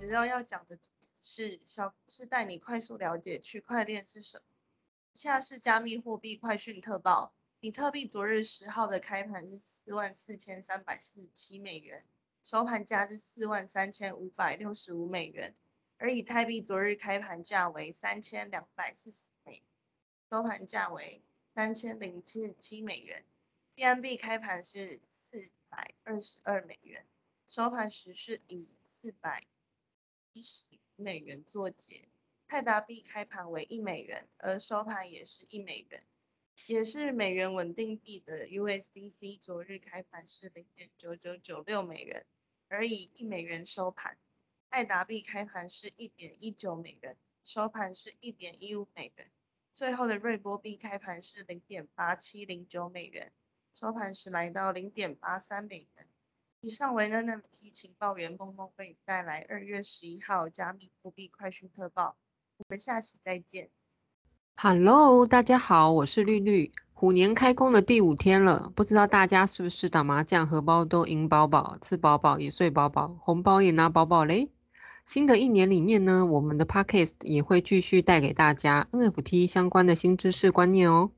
主要要講的是小是帶你快速了解區塊鏈是什麼。以下是加密貨幣快訊特報。比特幣昨日十號的開盤是四萬四千三百四十七美元，收盤價是四萬三千五百六十五美元。而以太幣昨日開盤價為三千兩百四十美元，收盤價為三千零七十七美元。BNB 開盤是四百二十二美元，收盤時是以四百。一十美元作結，泰達幣開盤為一美元，而收盤也是一美元，也是美元穩定幣的 USDC 昨日開盤是零點九九九六美元，而以一美元收盤，愛達幣開盤是一點一九美元，收盤是一點一五美元，最後的瑞波幣開盤是零點八七零九美元，收盤時來到零點八三美元。以上為 NFT 情報員夢夢為你帶來二月十一號加密貨幣快速特報，我們下期再見。Hello，大家好，我是綠綠。虎年開工的第五天了，不知道大家是不是打麻將荷包都贏飽飽，吃飽飽也睡飽飽，紅包也拿飽飽嘞？新的一年裡面呢，我們的 Podcast 也會繼續帶給大家 NFT 相關的新知識觀念哦。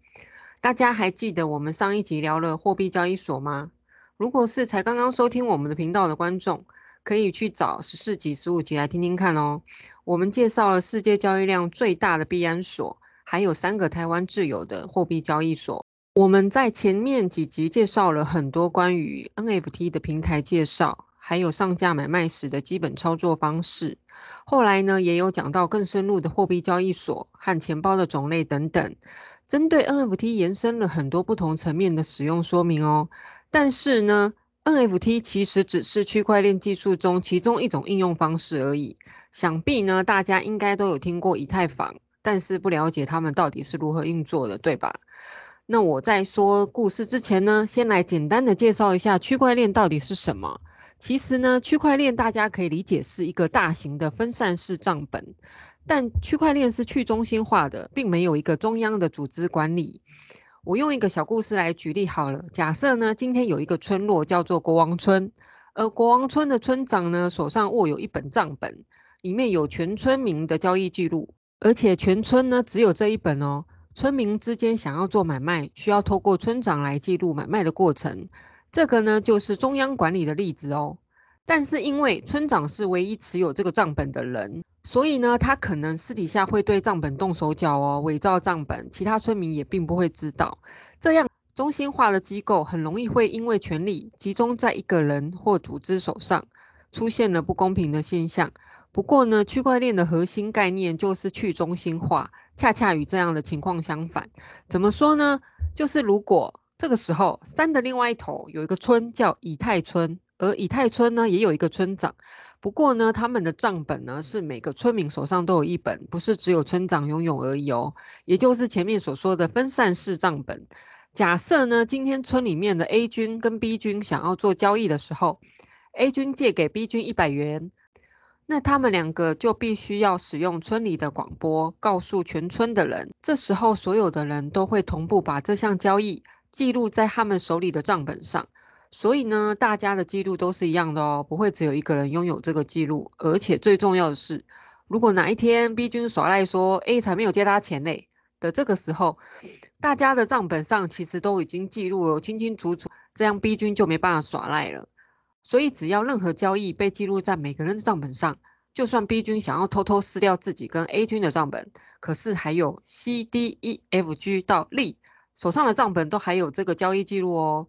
大家還記得我們上一集聊了貨幣交易所嗎？如果是才剛剛收聽我們的頻道的觀眾，可以去找十四集、十五集來聽聽看哦。我們介紹了世界交易量最大的幣安所，還有三個台灣自有的貨幣交易所。我們在前面幾集介紹了很多關於 NFT 的平台介紹，還有上架買賣時的基本操作方式。後來呢，也有講到更深入的貨幣交易所和錢包的種類等等，針對 NFT 延伸了很多不同層面的使用說明哦。但是呢，NFT 其實只是區塊鏈技術中其中一種應用方式而已。想必呢，大家應該都有聽過以太坊，但是不了解他們到底是如何運作的，對吧？那我在說故事之前呢，先來簡單的介紹一下區塊鏈到底是什麼。其實呢，區塊鏈大家可以理解是一個大型的分散式賬本，但區塊鏈是去中心化的，並沒有一個中央的組織管理。我用一個小故事來舉例好了。假設呢，今天有一個村落叫做國王村，而國王村的村長呢，手上握有一本賬本，裡面有全村民的交易記錄，而且全村呢只有這一本哦。村民之間想要做買賣，需要透過村長來記錄買賣的過程。這個呢，就是中央管理的例子哦。但是因為村長是唯一持有這個賬本的人。所以呢，他可能私底下會對賬本動手腳哦，偽造賬本，其他村民也並不會知道。這樣中心化的機構很容易會因為權力集中在一個人或組織手上，出現了不公平的現象。不過呢，區塊鏈的核心概念就是去中心化，恰恰與這樣的情況相反。怎麼說呢？就是如果這個時候山的另外一頭有一個村叫以太村。而以太村呢，也有一個村長，不過呢，他們的賬本呢，是每個村民手上都有一本，不是只有村長擁有而已哦。也就是前面所說的分散式賬本。假設呢，今天村裡面的 A 君跟 B 君想要做交易的時候，A 君借給 B 君一百元，那他們兩個就必須要使用村裡的廣播，告訴全村的人。這時候，所有的人都會同步把這項交易記錄在他們手裡的賬本上。所以呢，大家的記錄都是一樣的哦，不會只有一個人擁有這個記錄。而且最重要的是，如果哪一天 B 君耍賴說 A 才沒有借他錢嘞、欸、的這個時候，大家的賬本上其實都已經記錄了清清楚楚，這樣 B 君就沒辦法耍賴了。所以只要任何交易被記錄在每個人的賬本上，就算 B 君想要偷偷撕掉自己跟 A 君的賬本，可是還有 C、D、E、F、G 到 Lee 手上的賬本都還有這個交易記錄哦。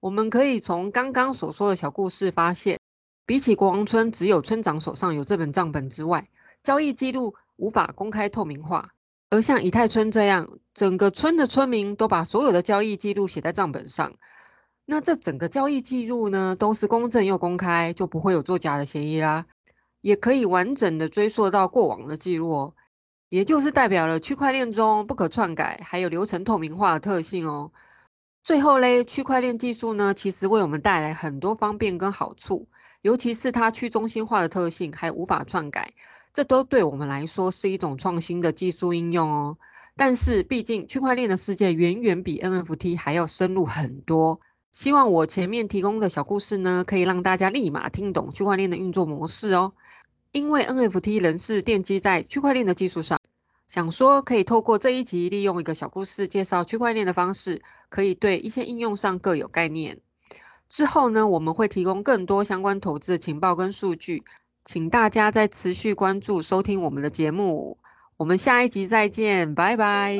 我們可以從剛剛所說的小故事發現，比起國王村只有村長手上有這本賬本之外，交易記錄無法公開透明化。而像以太村這樣，整個村的村民都把所有的交易記錄寫在賬本上，那這整個交易記錄呢，都是公正又公開，就不會有作假的嫌疑啦，也可以完整的追溯到過往的記錄，哦，也就是代表了區塊鏈中不可篡改還有流程透明化的特性哦。最後嘞，區塊鏈技術呢，其實為我們帶來很多方便跟好處，尤其是它去中心化的特性還無法篡改，這都對我們來說是一種創新的技術應用哦。但是，畢竟區塊鏈的世界遠遠比 NFT 還要深入很多。希望我前面提供的小故事呢，可以讓大家立馬聽懂區塊鏈的運作模式哦，因為 NFT 仍是奠基在區塊鏈的技術上。想說，可以透過這一集利用一個小故事介紹區塊鏈的方式，可以對一些應用上各有概念。之後呢，我們會提供更多相關投資的情報跟數據，請大家再持續關注收聽我們的節目。我們下一集再見，拜拜。